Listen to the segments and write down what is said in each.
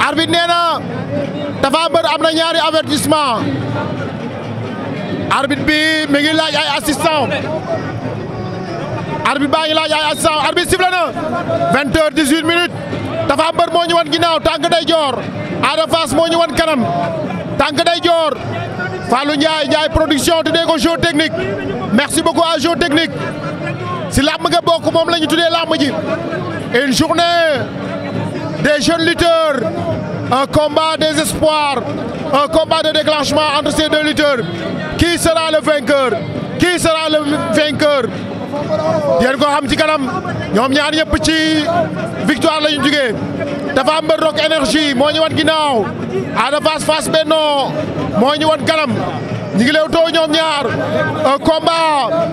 arbitre nee na Tapha Mbeur am na ñaari avertissement arbitre bi mi ngi ay assistant arbitre baa ngi laaj ay assistant arbitre sifflé na vingt heures dix-huit minutes Tapha Mbeur moo ñu wan ginnaaw tànk day joor Ada Fass moo ñu wan kanam tànk day joor Fallou Ndiaye Ndiaye production tuddee ko Joe Technique merci beaucoup à Joe Technique si làmb nga bokk moom la ñu tuddee làmb ji une journée des jeunes lutteurs un combat des espoirs un combat de déclenchement entre ces deux lutteurs qui sera le vainqueur qui sera le vainqueur yéen ko xam ci kanam ñoom ñaar ñëpp ci victoire la ñu jugee dafa am mbër Rock Énergie moo ñu wan ginnaaw Ada Fass Fass Benno moo ñu wan kanam ñu ngi too ñoom ñaar un combat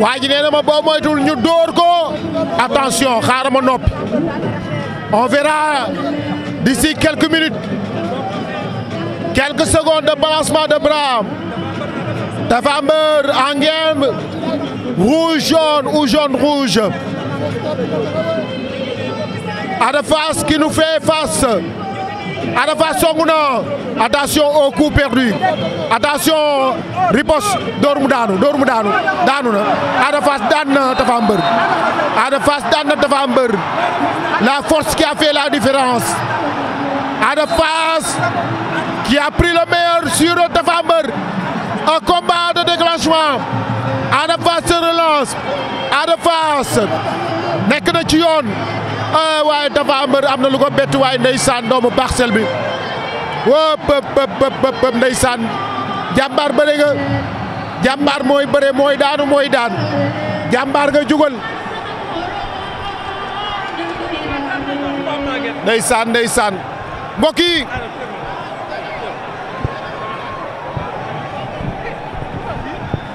waa ji nee na ma boo moytul ñu dóor ko attention xaaral ma noppi on verra d'ici quelques minutes quelques secondes de balancement de bras Tapha Mbeur rouge jaune ou jaune rouge Ada Fass qui nous fait face Ada Fass songu na attention au perdu attention riposte door mu daanu door mu daanu daanu na Ada daan na Tapha Mbeur Ada Fass daan na Tapha la force qui a fait la différence Ada Fass qui a pris le meilleur sur Tapha Mbeur un combat de déclenchement Ada Fass na ci yoon Eh, waaye Tapha Mbeur am na lu ko bett waaye ndeysaan doomu parcelle bi woo pëp pëp pëp ndeysaan jàmbaar bëre nga jàmbaar mooy bëre mooy daanu mooy daan jàmbaar nga jugal ndeysaan ndeysaan mbokk